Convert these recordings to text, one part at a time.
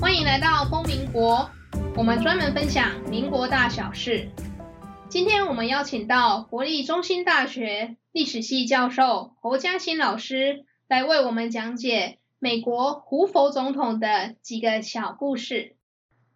歡迎來到《瘋民國》，我們專門分享民國大小事。今天我們邀請到國立中興大學歷史系教授侯嘉星老師，來為我們講解美國胡佛總統的幾個小故事。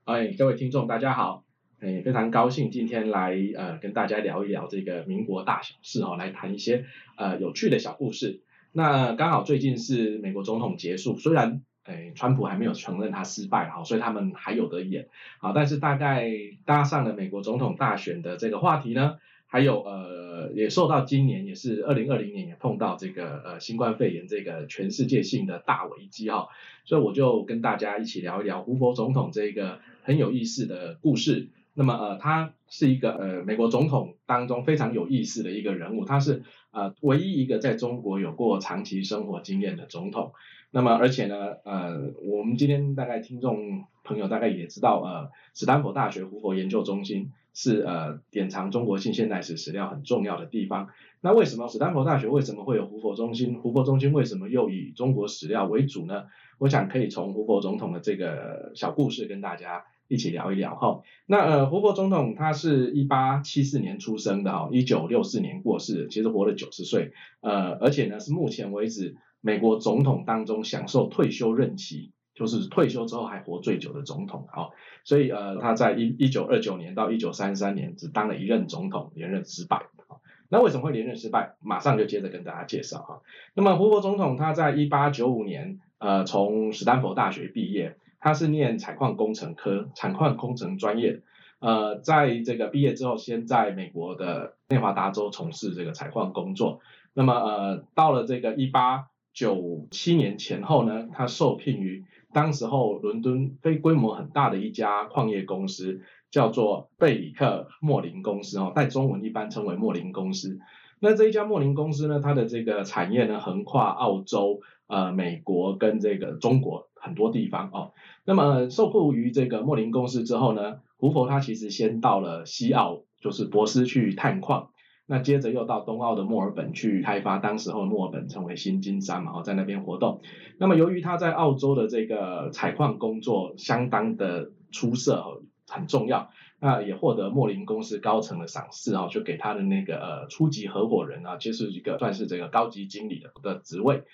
哎，各位聽眾大家好，哎，非常高興今天來呃跟大家聊一聊這個民國大小事哦，來談一些呃有趣的小故事。那剛好最近是美國總統結束，雖然。哎，川普還沒有承認他失敗哈，哦，所以他們還有得演。好，但是大概搭上了美國總統大選的這個話題呢，還有呃，也受到今年也是二零二零年也碰到這個呃新冠肺炎這個全世界性的大危機哈，哦，所以我就跟大家一起聊一聊胡佛總統這個很有意思的故事。那麼呃，他是一個呃美國總統當中非常有意思的一個人物，他是呃唯一一個在中國有過長期生活經驗的總統。那麼，而且呢，呃，我們今天大概聽眾朋友大概也知道，呃，史丹佛大學胡佛研究中心是呃典藏中國近現代史史料很重要的地方。那為什麼史丹佛大學為什麼會有胡佛中心？胡佛中心為什麼又以中國史料為主呢？我想可以從胡佛總統的這個小故事跟大家一起聊一聊哈。那呃，胡佛總統他是一八七四年出生的哈、哦，一九六四年過世，其實活了九十歲。呃，而且呢，是目前為止。美國總統當中享受退休任期，就是退休之後還活最久的總統好、啊、所以呃，他在一一九二九年到一九三三年只當了一任總統，連任失敗、啊、那為什麼會連任失敗？馬上就接着跟大家介紹啊。那麼胡佛總統他在一八九五年呃從史丹佛大學畢業，他是念採礦工程科，採礦工程專業呃，在這個畢業之後，先在美國的內華達州從事這個採礦工作。那麼呃，到了這個一八九七年前後呢，他受聘於當時候倫敦非規模很大的一家礦業公司，叫做貝裡克莫林公司哦，在中文一般稱為莫林公司。那這一家莫林公司呢，它的這個產業呢，橫跨澳洲、呃美國跟這個中國很多地方哦。那麼受雇於這個莫林公司之後呢，胡佛他其實先到了西澳，就是博斯去探礦。那接着又到東澳的墨爾本去開發，當時候墨爾本稱為新金山嘛，然後在那邊活動。那麼由於他在澳洲的這個採礦工作相當的出色，很重要，那也獲得莫林公司高層的賞識，哈，就給他的那個初級合夥人啊，其實是一個算是這個高級經理的的職位。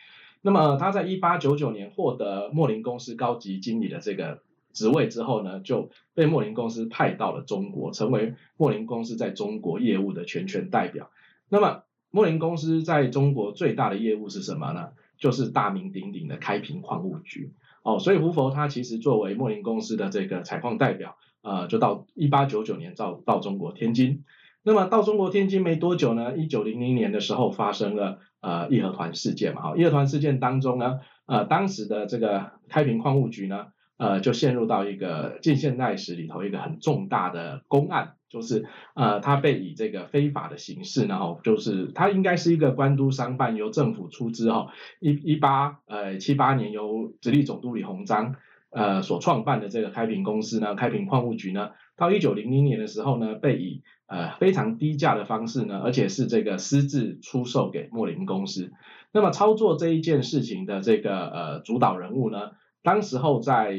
那麼他在一八九九年獲得莫林公司高級經理的這個。職位之後呢，就被莫林公司派到了中國，成為莫林公司在中國業務的全權代表。那麼，莫林公司在中國最大的業務是什麼呢？就是大名鼎鼎的開平礦務局。哦，所以胡佛他其實作為莫林公司的這個採礦代表，呃，就到一八九九年到到中國天津。那麼到中國天津沒多久呢，一九零零年的時候發生了呃義和團事件嘛。哦，義和團事件當中呢，呃，當時的這個開平礦務局呢。呃，就陷入到一個近現代史裡頭一個很重大的公案，就是呃，他被以這個非法的形式，然後，哦，就是他應該是一個官督商辦，由政府出資哈，一一八呃七八年，由直隸總督李鴻章呃所創辦的這個開平公司呢，開平礦務局呢，到一九零零年的時候呢，被以呃非常低價的方式呢，而且是這個私自出售給莫林公司。那麼操作這一件事情的這個呃主導人物呢？當時候在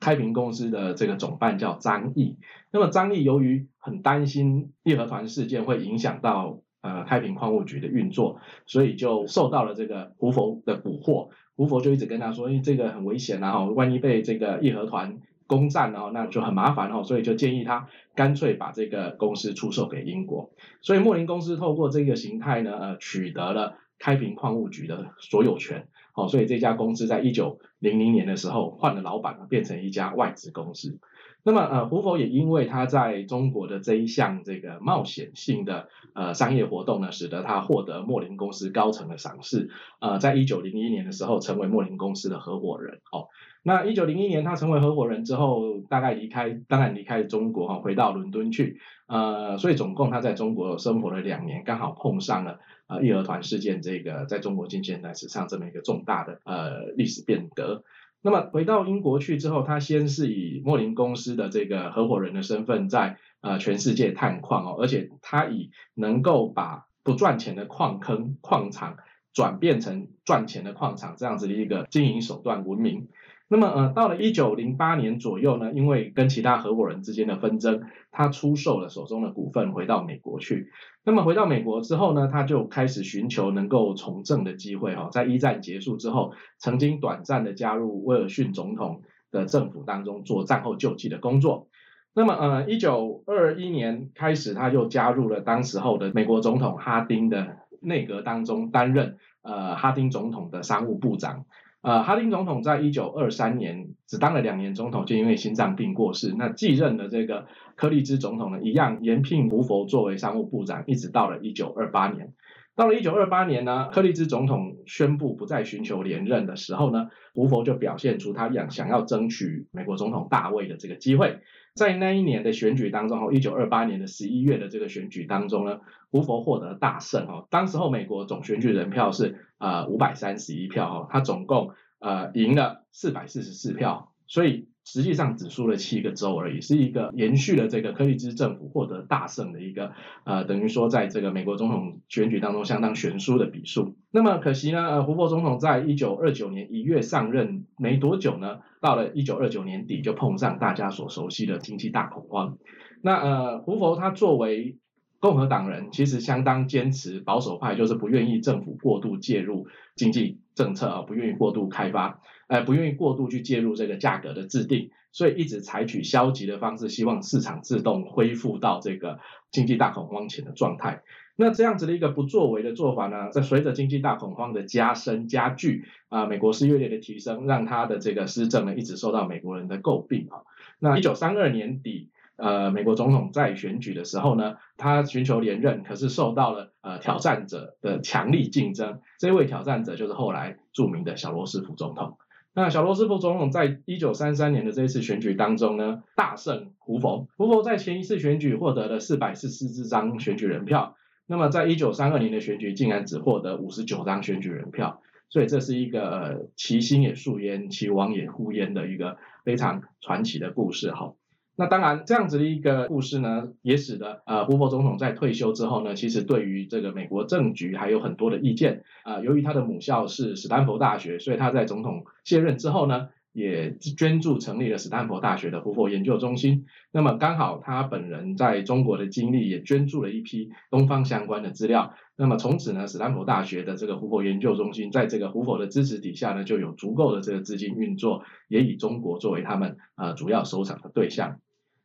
開平公司的這個總辦叫張毅，那麼張毅由於很擔心義和團事件會影響到呃開平礦務局的運作，所以就受到了這個胡佛的蠱惑，胡佛就一直跟他說，因為這個很危險啊，然後萬一被這個義和團攻占呢、啊，那就很麻煩哦、啊，所以就建議他乾脆把這個公司出售給英國，所以莫林公司透過這個形態呢，呃，取得了開平礦務局的所有權。好、哦，所以這家公司在一九零零年的時候換了老闆了，變成一家外資公司。那麼，呃，胡佛也因為他在中國的這一項這個冒險性的呃商業活動呢，使得他獲得莫林公司高層的賞識，呃，在一九零一年的時候成為莫林公司的合夥人。哦那一九零一年，他成為合夥人之後，大概離開，當然離開中國、哦、回到倫敦去。呃，所以總共他在中國生活了兩年，剛好碰上了呃義和團事件，這個在中國近現代史上這麼一個重大的呃歷史變革。那麼回到英國去之後，他先是以莫林公司的這個合夥人的身份在，在呃全世界探礦哦，而且他以能夠把不賺錢的礦坑礦場轉變成賺錢的礦場這樣子的一個經營手段聞名。文明那麼，呃，到了一九零八年左右呢，因為跟其他合夥人之間的紛爭，他出售了手中的股份，回到美國去。那麼回到美國之後呢，他就開始尋求能夠從政的機會。哈、哦，在一戰結束之後，曾經短暫的加入威爾遜總統的政府當中做戰後救濟的工作。那麼，呃，一九二一年開始，他又加入了當時候的美國總統哈丁的內閣當中，擔任呃哈丁總統的商務部長。呃，哈丁總統在一九二三年只當了兩年總統，就因為心臟病過世。那繼任的這個柯立芝總統呢，一樣延聘胡佛作為商務部長，一直到了一九二八年。到了一九二八年呢，柯立芝總統宣布不再尋求連任的時候呢，胡佛就表現出他想想要爭取美國總統大位的這個機會。在那一年的選舉當中，哦，一九二八年的十一月的這個選舉當中呢，胡佛獲得大勝哦。當時候美國總選舉人票是呃五百三十一票哦，他總共呃贏了四百四十四票，所以。實際上只輸了七個州而已，是一個延續了這個柯立芝政府獲得大勝的一個呃，等於說在這個美國總統選舉當中相當懸殊的比數。那麼可惜呢，呃，胡佛總統在一九二九年一月上任沒多久呢，到了一九二九年底就碰上大家所熟悉的經濟大恐慌。那呃，胡佛他作為共和黨人，其實相當堅持保守派，就是不願意政府過度介入經濟政策，而不願意過度開發。呃，不願意過度去介入這個價格的制定，所以一直採取消極的方式，希望市場自動恢復到這個經濟大恐慌前的狀態。那這樣子的一個不作為的做法呢，在隨着經濟大恐慌的加深加劇啊，呃，美國失業率的提升，讓他的這個施政呢一直受到美國人的詬病啊。那一九三二年底，呃，美國總統在選舉的時候呢，他尋求連任，可是受到了呃挑戰者的強力競爭。這位挑戰者就是後來著名的小羅斯福總統。那小羅斯福總統在一九三三年的這一次選舉當中呢，大勝胡佛。胡佛在前一次選舉獲得了四百四十四張選舉人票，那麼在一九三二年的選舉竟然只獲得五十九張選舉人票，所以這是一個其興也速焉、其亡也忽焉的一個非常傳奇的故事哈。那當然，這樣子的一個故事呢，也使得呃，胡佛總統在退休之後呢，其實對於這個美國政局還有很多的意見。啊、呃，由於他的母校是史丹佛大學，所以他在總統卸任之後呢，也捐助成立了史丹佛大學的胡佛研究中心。那麼剛好他本人在中國的經歷，也捐助了一批東方相關的資料。那麼從此呢，史丹佛大學的這個胡佛研究中心，在這個胡佛的支持底下呢，就有足夠的這個資金運作，也以中國作為他們呃主要收藏的對象。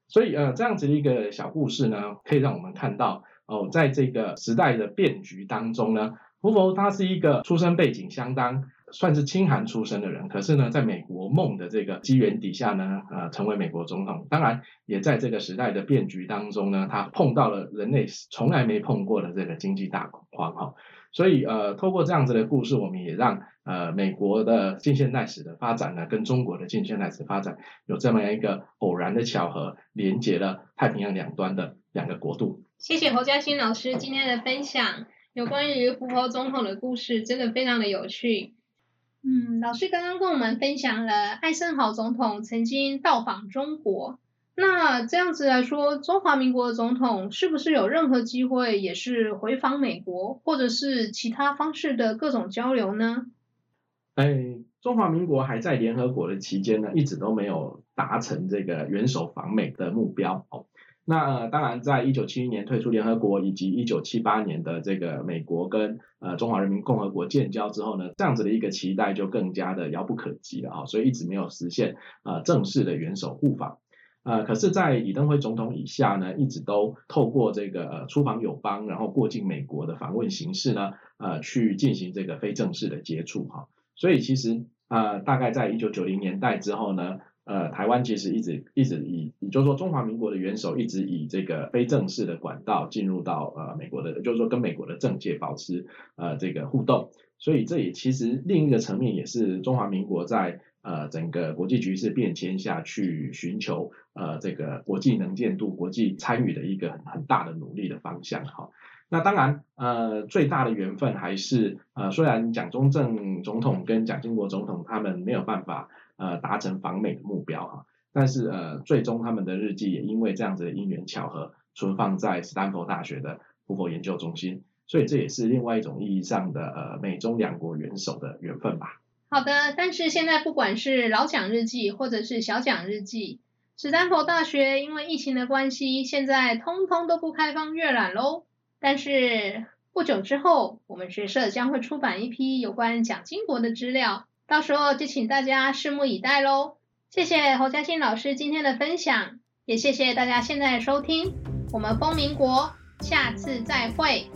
所以，呃，這樣子的一個小故事呢，可以讓我們看到，哦，在這個時代的變局當中呢，胡佛他是一個出身背景相當算是清寒出身的人，可是呢，在美國夢的這個機緣底下呢，呃，成為美國總統。當然，也在這個時代的變局當中呢，他碰到了人類從來沒碰過的這個經濟大恐慌，哈。所以，呃，透過這樣子的故事，我們也讓呃美國的近現代史的發展呢，跟中國的近現代史的發展有這麼樣一個偶然的巧合，連接了太平洋兩端的兩個國度。謝謝侯嘉星老師今天的分享，有關於胡佛總統的故事，真的非常的有趣。嗯，老師剛剛跟我們分享了艾森豪總統曾經到訪中國。那這樣子來說，中華民國的總統是不是有任何機會也是回訪美國，或者是其他方式的各種交流呢？哎，中華民國還在聯合國的期間呢，一直都沒有達成這個元首訪美的目標哦。那、呃、當然，在一九七一年退出聯合國，以及一九七八年的這個美國跟呃中華人民共和國建交之後呢，這樣子的一個期待就更加的遙不可及了啊、哦，所以一直沒有實現啊、呃、正式的元首互訪。呃，可是，在李登輝總統以下呢，一直都透過這個出訪友邦，然後過境美國的訪問形式呢，呃，去進行這個非正式的接觸哈。所以其實呃，大概在一九九零年代之後呢，呃，台灣其實一直一直以，也就是說中華民國的元首一直以這個非正式的管道進入到呃美國的，就是說跟美國的政界保持呃這個互動。所以這也其實另一個層面也是中華民國在。呃，整個國際局勢變遷下去，尋求呃這個國際能見度、國際參與的一個很，很大的努力的方向哈、哦。那當然呃最大的緣分還是呃雖然蔣中正總統跟蔣經國總統他們沒有辦法呃達成訪美的目標哈，但是呃最終他們的日記也因為這樣子的因緣巧合存放在斯坦福大學的胡佛研究中心，所以這也是另外一種意義上的呃美中兩國元首的緣分吧。好的，但是現在不管是老蔣日記或者是小蔣日記，史丹佛大學因為疫情的關係，現在通通都不開放閱覽嘍。但是不久之後，我們學社將會出版一批有關蔣經國的資料，到時候就請大家拭目以待嘍。謝謝侯嘉星老師今天的分享，也謝謝大家現在的收聽。我們瘋民國，下次再會。